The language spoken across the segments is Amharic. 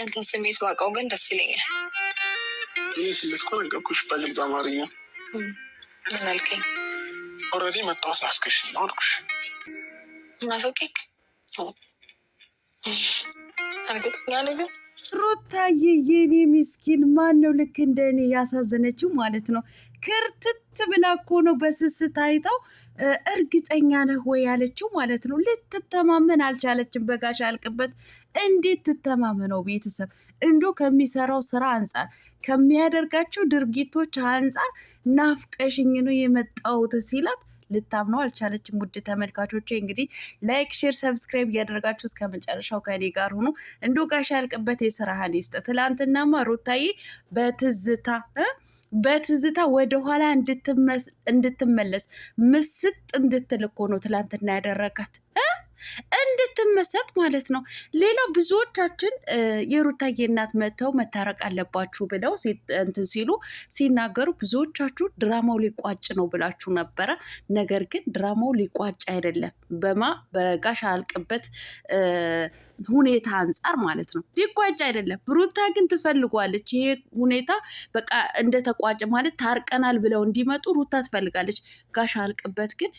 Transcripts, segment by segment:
ያንተን ስሜት ባውቀው ግን ደስ ይለኛል። ይህ ስልስኮ ነገርኩሽ በግልጽ አማርኛ ምናልከኝ ኦልሬዲ መጣሁ ሳስክሽ አልኩሽ። ናፈቀኝ እርግጠኛ ነገር ሩታዬ የኔ ምስኪን ማን ነው ልክ እንደ እኔ ያሳዘነችው ማለት ነው። ክርትት ብላ እኮ ነው በስስት አይተው እርግጠኛ ነህ ወይ ያለችው ማለት ነው። ልትተማመን አልቻለችም። በጋሽ አልቅበት እንዴት ትተማመነው? ቤተሰብ እንዶ ከሚሰራው ስራ አንጻር ከሚያደርጋቸው ድርጊቶች አንጻር ናፍቀሽኝ ነው የመጣሁት ሲላት ልታምነው አልቻለችም። ውድ ተመልካቾች እንግዲህ ላይክ፣ ሼር፣ ሰብስክራይብ እያደረጋችሁ እስከ መጨረሻው ከኔ ጋር ሁኑ። እንዶ ጋሽ ያልቅበት የስራህን ይስጥ። ትላንትናማ ሩታዬ በትዝታ በትዝታ ወደኋላ እንድትመለስ ምስጥ እንድትል እኮ ነው ትላንትና ያደረጋት። እንድትመሰጥ ማለት ነው። ሌላው ብዙዎቻችን የሩታዬ እናት መጥተው መታረቅ አለባችሁ ብለው እንትን ሲሉ ሲናገሩ ብዙዎቻችሁ ድራማው ሊቋጭ ነው ብላችሁ ነበረ። ነገር ግን ድራማው ሊቋጭ አይደለም። በማ በጋሽ አልቅበት ሁኔታ አንጻር ማለት ነው ሊቋጭ አይደለም። ሩታ ግን ትፈልጓለች። ይሄ ሁኔታ በቃ እንደተቋጭ ማለት ታርቀናል ብለው እንዲመጡ ሩታ ትፈልጋለች። ጋሽ አልቅበት ግን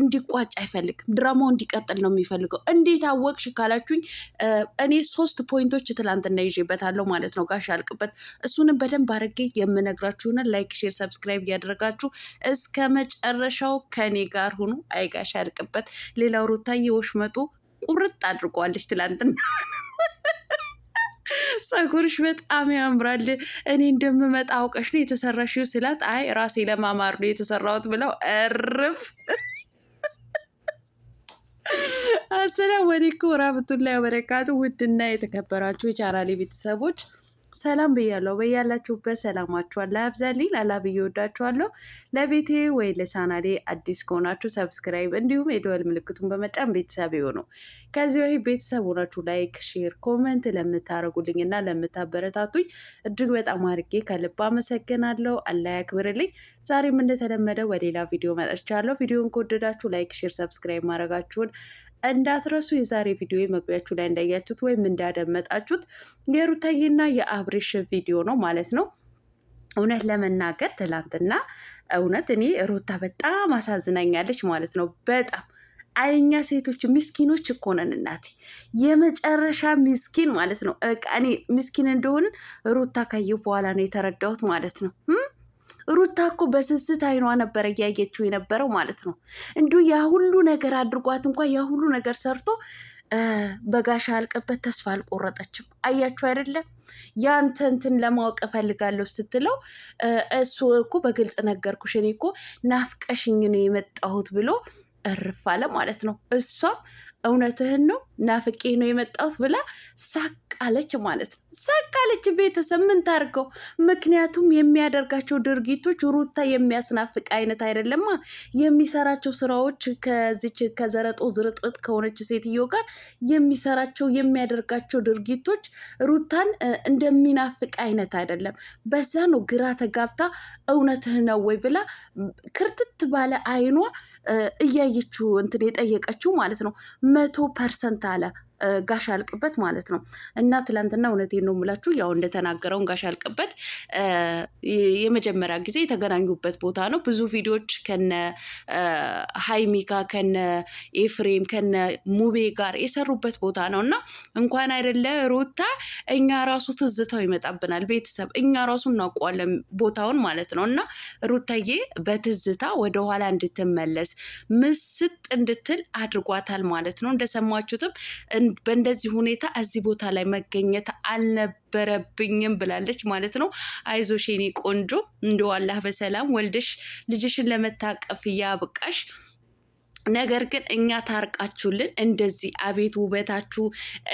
እንዲቋጭ አይፈልግም። ድራማው እንዲቀጥል ነው የሚፈልገው። እንዴት አወቅሽ ካላችሁኝ እኔ ሶስት ፖይንቶች ትላንትና ይዤበታለሁ ማለት ነው ጋሽ ያልቅበት። እሱንም በደንብ አድርጌ የምነግራችሁን ላይክ፣ ሼር፣ ሰብስክራይብ እያደረጋችሁ እስከ መጨረሻው ከኔ ጋር ሁኑ። አይ ጋሽ ያልቅበት። ሌላው ሩታዬ ወሽመጡ ቁርጥ አድርጓለች ትላንትና ጸጉርሽ በጣም ያምራል። እኔ እንደምመጣ አውቀሽ ነው የተሰራሽው ስላት፣ አይ ራሴ ለማማር ነው የተሰራሁት ብለው እርፍ አሰላሙ አለይኩም ወራህመቱላሂ ወበረካቱ። ውድና የተከበራችሁ የቻናሌ ቤተሰቦች ሰላም ብያለሁ። በያላችሁበት ሰላማችሁ አላህ ያብዛልኝ። ላላ ብዬ ወዳችኋለሁ። ለቤቴ ወይ ለቻናሌ አዲስ ከሆናችሁ ሰብስክራይብ፣ እንዲሁም የደወል ምልክቱን በመጫን ቤተሰብ የሆኑ ከዚህ በፊት ቤተሰብ ሆናችሁ ላይክ፣ ሼር፣ ኮመንት ለምታደርጉልኝ እና ለምታበረታቱኝ እጅግ በጣም አድርጌ ከልብ አመሰግናለሁ። አላህ ያክብርልኝ። ዛሬም እንደተለመደ ወደ ቪዲዮ መጥቻለሁ። ቪዲዮን ከወደዳችሁ ላይክ፣ ሼር፣ ሰብስክራይብ ማድረጋችሁን እንዳትረሱ። የዛሬ ቪዲዮ መግቢያችሁ ላይ እንዳያችሁት ወይም እንዳደመጣችሁት የሩታዬና የአብሬሽ ቪዲዮ ነው ማለት ነው። እውነት ለመናገር ትላንትና እውነት እኔ ሩታ በጣም አሳዝናኛለች ማለት ነው። በጣም አይኛ ሴቶች ምስኪኖች እኮ ነን እናቴ፣ የመጨረሻ ምስኪን ማለት ነው። እኔ ምስኪን እንደሆንን ሩታ ካየሁ በኋላ ነው የተረዳሁት ማለት ነው። ሩታ እኮ በስስት አይኗ ነበረ እያየችው የነበረው ማለት ነው። እንዲሁ ያ ሁሉ ነገር አድርጓት እንኳ ያ ሁሉ ነገር ሰርቶ በጋሻ አልቀበት ተስፋ አልቆረጠችም። አያችሁ አይደለም ያንተ እንትን ለማወቅ እፈልጋለሁ ስትለው እሱ እኮ በግልጽ ነገርኩሽ፣ እኔ እኮ ናፍቀሽኝ ነው የመጣሁት ብሎ እርፍ አለ ማለት ነው። እሷም እውነትህን ነው ናፍቄ ነው የመጣሁት ብላ ሳቃለች ማለት ነው። ሳቃለች ቤተሰብ ምን ታርገው? ምክንያቱም የሚያደርጋቸው ድርጊቶች ሩታ የሚያስናፍቅ አይነት አይደለማ። የሚሰራቸው ስራዎች ከዚች ከዘረጦ ዝርጥርጥ ከሆነች ሴትዮ ጋር የሚሰራቸው የሚያደርጋቸው ድርጊቶች ሩታን እንደሚናፍቅ አይነት አይደለም። በዛ ነው ግራ ተጋብታ እውነትህ ነው ወይ ብላ ክርትት ባለ አይኗ እያየችው እንትን የጠየቀችው ማለት ነው መቶ ፐርሰንት تعالیٰ ጋሽ አልቅበት ማለት ነው። እና ትላንትና እውነቴ ነው የምላችሁ፣ ያው እንደተናገረውን ጋሽ ያልቅበት የመጀመሪያ ጊዜ የተገናኙበት ቦታ ነው። ብዙ ቪዲዮዎች ከነ ሀይሚካ ከነ ኤፍሬም ከነ ሙቤ ጋር የሰሩበት ቦታ ነው እና እንኳን አይደለ ሩታ፣ እኛ ራሱ ትዝታው ይመጣብናል። ቤተሰብ እኛ ራሱ እናውቀዋለን ቦታውን ማለት ነው። እና ሩታዬ በትዝታ ወደኋላ እንድትመለስ ምስጥ እንድትል አድርጓታል ማለት ነው። እንደሰማችሁትም በእንደዚህ ሁኔታ እዚህ ቦታ ላይ መገኘት አልነበረብኝም ብላለች ማለት ነው። አይዞሽ የኔ ቆንጆ እንደው አላህ በሰላም ወልደሽ ልጅሽን ለመታቀፍ ያብቃሽ። ነገር ግን እኛ ታርቃችሁልን እንደዚህ አቤት ውበታችሁ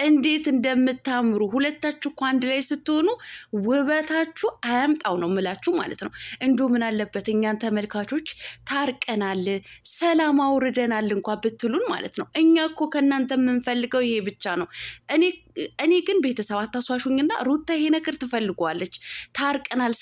እንዴት እንደምታምሩ ሁለታችሁ እኮ አንድ ላይ ስትሆኑ ውበታችሁ አያምጣው ነው ምላችሁ ማለት ነው። እንዶ ምን አለበት እኛን ተመልካቾች ታርቀናል፣ ሰላም አውርደናል እንኳ ብትሉን ማለት ነው። እኛ እኮ ከእናንተ የምንፈልገው ይሄ ብቻ ነው። እኔ እኔ ግን ቤተሰብ አታሷሹኝና ሩታ ይሄ ነገር ትፈልገዋለች። ታርቀናል፣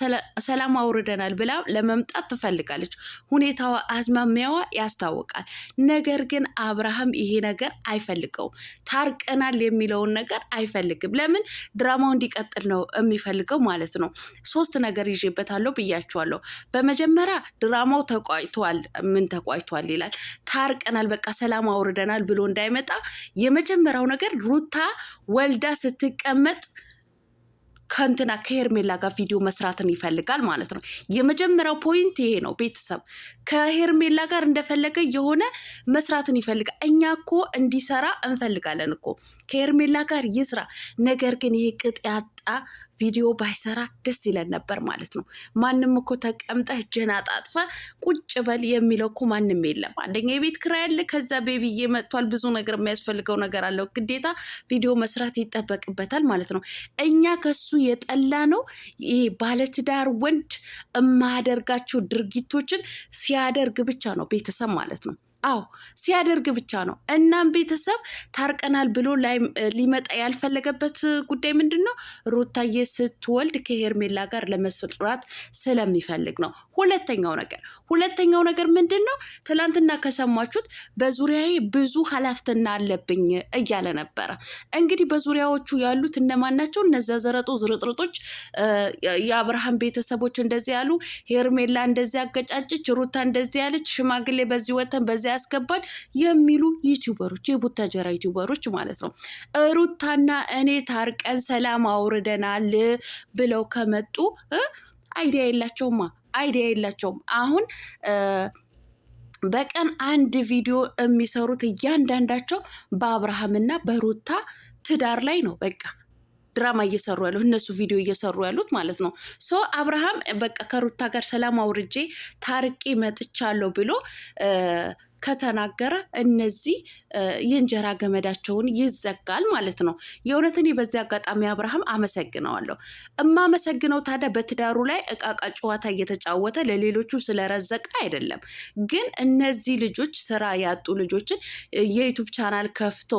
ሰላም አውርደናል ብላ ለመምጣት ትፈልጋለች። ሁኔታዋ አዝማሚያዋ ያስታውቃል። ነገር ግን አብርሃም ይሄ ነገር አይፈልገውም። ታርቀናል የሚለውን ነገር አይፈልግም። ለምን ድራማው እንዲቀጥል ነው የሚፈልገው ማለት ነው። ሶስት ነገር ይዤበታለሁ ብያቸዋለሁ። በመጀመሪያ ድራማው ተቋጭቷል። ምን ተቋጭቷል ይላል። ታርቀናል፣ በቃ ሰላም አውርደናል ብሎ እንዳይመጣ የመጀመሪያው ነገር ሩታ ወልዳ ስትቀመጥ ከእንትና ከሄርሜላ ጋር ቪዲዮ መስራትን ይፈልጋል ማለት ነው። የመጀመሪያው ፖይንት ይሄ ነው። ቤተሰብ ከሄርሜላ ጋር እንደፈለገ የሆነ መስራትን ይፈልጋል። እኛ እኮ እንዲሰራ እንፈልጋለን እኮ ከሄርሜላ ጋር ይስራ። ነገር ግን ይሄ ቅጥ እየመጣ ቪዲዮ ባይሰራ ደስ ይለን ነበር ማለት ነው። ማንም እኮ ተቀምጠህ እጅህን አጣጥፈ ቁጭ በል የሚለው እኮ ማንም የለም። አንደኛ የቤት ኪራይ አለ፣ ከዛ ቤቢዬ መጥቷል፣ ብዙ ነገር የሚያስፈልገው ነገር አለው። ግዴታ ቪዲዮ መስራት ይጠበቅበታል ማለት ነው። እኛ ከሱ የጠላ ነው ይሄ ባለትዳር ወንድ የማያደርጋቸው ድርጊቶችን ሲያደርግ ብቻ ነው ቤተሰብ ማለት ነው። አዎ ሲያደርግ ብቻ ነው። እናም ቤተሰብ ታርቀናል ብሎ ሊመጣ ያልፈለገበት ጉዳይ ምንድን ነው? ሩታዬ ስትወልድ ከሄርሜላ ጋር ለመስራት ስለሚፈልግ ነው። ሁለተኛው ነገር ሁለተኛው ነገር ምንድን ነው? ትላንትና ከሰማችሁት በዙሪያዬ ብዙ ኃላፊነት አለብኝ እያለ ነበረ። እንግዲህ በዙሪያዎቹ ያሉት እነማን ናቸው? እነዚያ ዘረጦ ዝርጥርጦች፣ የአብርሃም ቤተሰቦች እንደዚህ ያሉ፣ ሄርሜላ እንደዚህ አገጫጭች ሩታ እንደዚህ ያለች፣ ሽማግሌ በዚህ ወተን በዚ ያስገባል የሚሉ ዩቲዩበሮች የቡታጀራ ዩቲዩበሮች ማለት ነው ሩታና እኔ ታርቀን ሰላም አውርደናል ብለው ከመጡ አይዲያ የላቸውማ። አይዲያ የላቸውም። አሁን በቀን አንድ ቪዲዮ የሚሰሩት እያንዳንዳቸው በአብርሃምና በሩታ ትዳር ላይ ነው። በቃ ድራማ እየሰሩ ያሉት እነሱ ቪዲዮ እየሰሩ ያሉት ማለት ነው። ሶ አብርሃም በቃ ከሩታ ጋር ሰላም አውርጄ ታርቄ መጥቻለሁ ብሎ ከተናገረ እነዚህ የእንጀራ ገመዳቸውን ይዘጋል ማለት ነው። የእውነት እኔ በዚህ አጋጣሚ አብርሃም አመሰግነዋለሁ። እማመሰግነው ታዲያ በትዳሩ ላይ እቃቃ ጨዋታ እየተጫወተ ለሌሎቹ ስለረዘቀ አይደለም። ግን እነዚህ ልጆች ስራ ያጡ ልጆችን የዩቱብ ቻናል ከፍቶ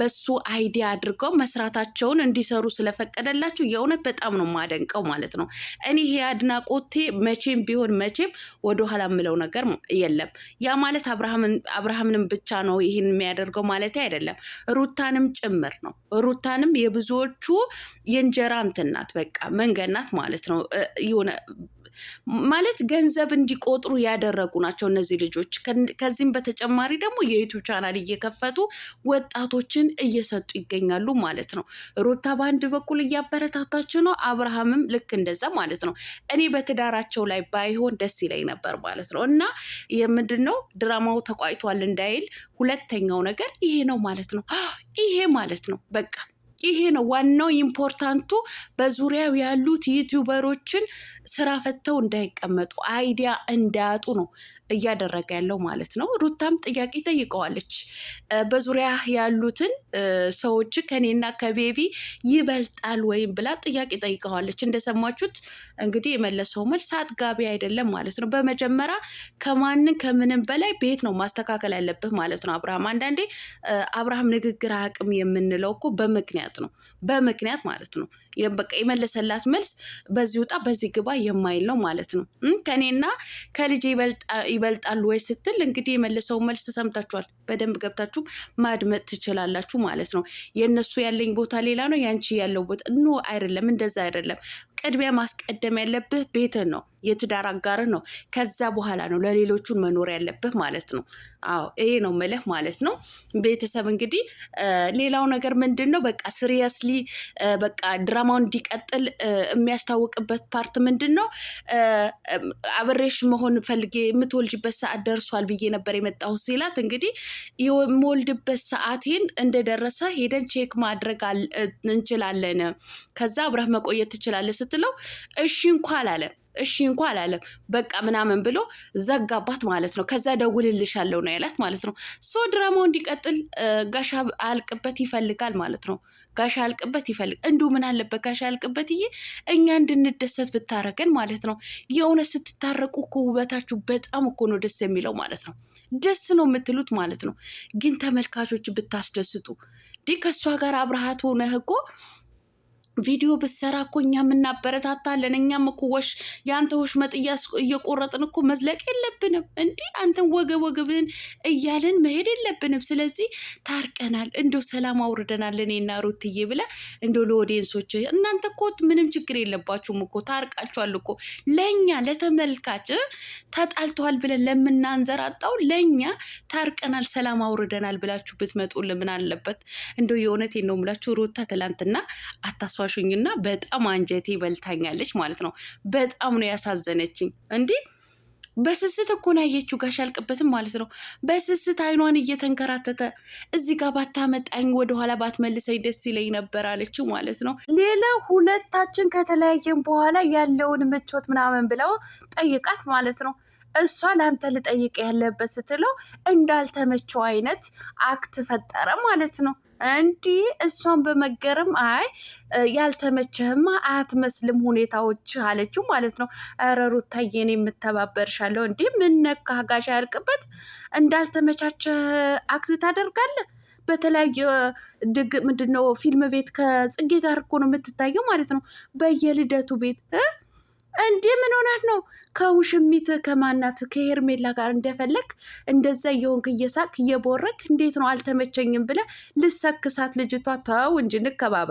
በሱ አይዲያ አድርገው መስራታቸውን እንዲሰሩ ስለፈቀደላቸው የእውነት በጣም ነው ማደንቀው ማለት ነው። እኔ ይሄ አድናቆቴ መቼም ቢሆን መቼም ወደኋላ ምለው ነገር የለም። ያ ማለት አብርሃም አብርሃምንም ብቻ ነው ይህን የሚያደርገው ማለት አይደለም፣ ሩታንም ጭምር ነው። ሩታንም የብዙዎቹ የእንጀራ እንትን ናት፣ በቃ መንገድ ናት ማለት ነው የሆነ ማለት ገንዘብ እንዲቆጥሩ ያደረጉ ናቸው እነዚህ ልጆች። ከዚህም በተጨማሪ ደግሞ የዩቱብ ቻናል እየከፈቱ ወጣቶችን እየሰጡ ይገኛሉ ማለት ነው። ሩታ በአንድ በኩል እያበረታታች ነው፣ አብርሃምም ልክ እንደዛ ማለት ነው። እኔ በትዳራቸው ላይ ባይሆን ደስ ይለኝ ነበር ማለት ነው። እና የምንድን ነው ድራማው ተቋጭቷል እንዳይል ሁለተኛው ነገር ይሄ ነው ማለት ነው። ይሄ ማለት ነው በቃ ይሄ ነው ዋናው ኢምፖርታንቱ። በዙሪያው ያሉት ዩቲዩበሮችን ስራ ፈተው እንዳይቀመጡ አይዲያ እንዳያጡ ነው እያደረገ ያለው ማለት ነው። ሩታም ጥያቄ ጠይቀዋለች። በዙሪያ ያሉትን ሰዎች ከኔና ከቤቢ ይበልጣል ወይም ብላ ጥያቄ ጠይቀዋለች። እንደሰማችሁት እንግዲህ የመለሰው መልስ አጥጋቢ አይደለም ማለት ነው። በመጀመሪያ ከማንን ከምንም በላይ ቤት ነው ማስተካከል ያለብህ ማለት ነው አብርሃም። አንዳንዴ አብርሃም ንግግር አቅም የምንለው እኮ በምክንያት በምክንያት ነው በምክንያት ማለት ነው። በቃ የመለሰላት መልስ በዚህ ውጣ በዚህ ግባ የማይል ነው ማለት ነው። ከኔና ከልጅ ይበልጣሉ ወይ ስትል እንግዲህ የመለሰው መልስ ሰምታችኋል። በደንብ ገብታችሁ ማድመጥ ትችላላችሁ ማለት ነው። የእነሱ ያለኝ ቦታ ሌላ ነው፣ ያንቺ ያለው ቦታ ኖ አይደለም፣ እንደዛ አይደለም። ቅድሚያ ማስቀደም ያለብህ ቤትን ነው። የትዳር አጋርህ ነው። ከዛ በኋላ ነው ለሌሎቹን መኖር ያለብህ ማለት ነው። አዎ ይሄ ነው ምልህ ማለት ነው። ቤተሰብ እንግዲህ ሌላው ነገር ምንድን ነው፣ በቃ ሲሪየስሊ በቃ ድራማው እንዲቀጥል የሚያስታውቅበት ፓርት ምንድን ነው፣ አብሬሽ መሆን ፈልጌ የምትወልጅበት ሰዓት ደርሷል ብዬ ነበር የመጣሁ ሲላት፣ እንግዲህ የምወልድበት ሰዓቴን እንደደረሰ ሄደን ቼክ ማድረግ እንችላለን፣ ከዛ አብረህ መቆየት ትችላለህ ስትለው እሺ እንኳ አለ። እሺ እንኳ አላለም። በቃ ምናምን ብሎ ዘጋባት ማለት ነው። ከዛ ደውልልሻለሁ ነው ያላት ማለት ነው። ሶ ድራማው እንዲቀጥል ጋሻ አልቅበት ይፈልጋል ማለት ነው። ጋሻ አልቅበት ይፈልግ እንዲሁ ምን አለበት ጋሻ አልቅበት እኛ እንድንደሰት ብታረገን ማለት ነው። የእውነት ስትታረቁ እኮ ውበታችሁ በጣም እኮ ነው ደስ የሚለው ማለት ነው። ደስ ነው የምትሉት ማለት ነው። ግን ተመልካቾች ብታስደስጡ ከእሷ ጋር አብረሃት ሆነህ እኮ ቪዲዮ ብትሰራ እኮ እኛም እናበረታታለን። እኛም እኮ ወሽ የአንተ ወሽመጥ እየቆረጥን እኮ መዝለቅ የለብንም። እንዲህ አንተን ወገብ ወገብን እያለን መሄድ የለብንም። ስለዚህ ታርቀናል፣ እንደው ሰላም አውርደናል እኔና ሩትዬ ብለ እንደው ለወዴንሶች እናንተ እኮ ምንም ችግር የለባችሁም እኮ ታርቃችኋል እኮ ለእኛ ለተመልካች ተጣልተዋል ብለን ለምናንዘራጣው ለእኛ ታርቀናል፣ ሰላም አውርደናል ብላችሁ ብትመጡ ልምን አለበት? እንደው የእውነቴን ነው የምላችሁ ሩታ ትላንትና አታሷ አስኳሹኝና በጣም አንጀቴ በልታኛለች ማለት ነው። በጣም ነው ያሳዘነችኝ። እንዲህ በስስት እኮ ነው ያየችው። ጋሽ አልቅበትም ማለት ነው። በስስት አይኗን እየተንከራተተ እዚህ ጋር ባታመጣኝ ወደኋላ ባትመልሰኝ ደስ ይለኝ ነበር አለችው ማለት ነው። ሌላ ሁለታችን ከተለያየን በኋላ ያለውን ምቾት ምናምን ብለው ጠይቃት ማለት ነው። እሷ ለአንተ ልጠይቅ ያለበት ስትለው እንዳልተመቸው አይነት አክት ፈጠረ ማለት ነው። እንዲህ እሷን በመገረም አይ ያልተመቸህማ አትመስልም ሁኔታዎች አለችው ማለት ነው። ኧረ ሩታዬ እኔ የምተባበርሻለሁ። እንዲህ ምን ነካህ ጋሻ ያልቅበት እንዳልተመቻቸህ አክስ ታደርጋለህ። በተለያየ ድግ ምንድነው ፊልም ቤት ከጽጌ ጋር እኮ ነው የምትታየው ማለት ነው። በየልደቱ ቤት እንዴ ምን ሆናት ነው? ከውሽሚት ከማናት ከሄርሜላ ጋር እንደፈለግ እንደዛ እየሆንክ እየሳቅ እየቦረቅ እንዴት ነው አልተመቸኝም ብለ ልሰክሳት? ልጅቷ ተው እንጂ እንከባበር።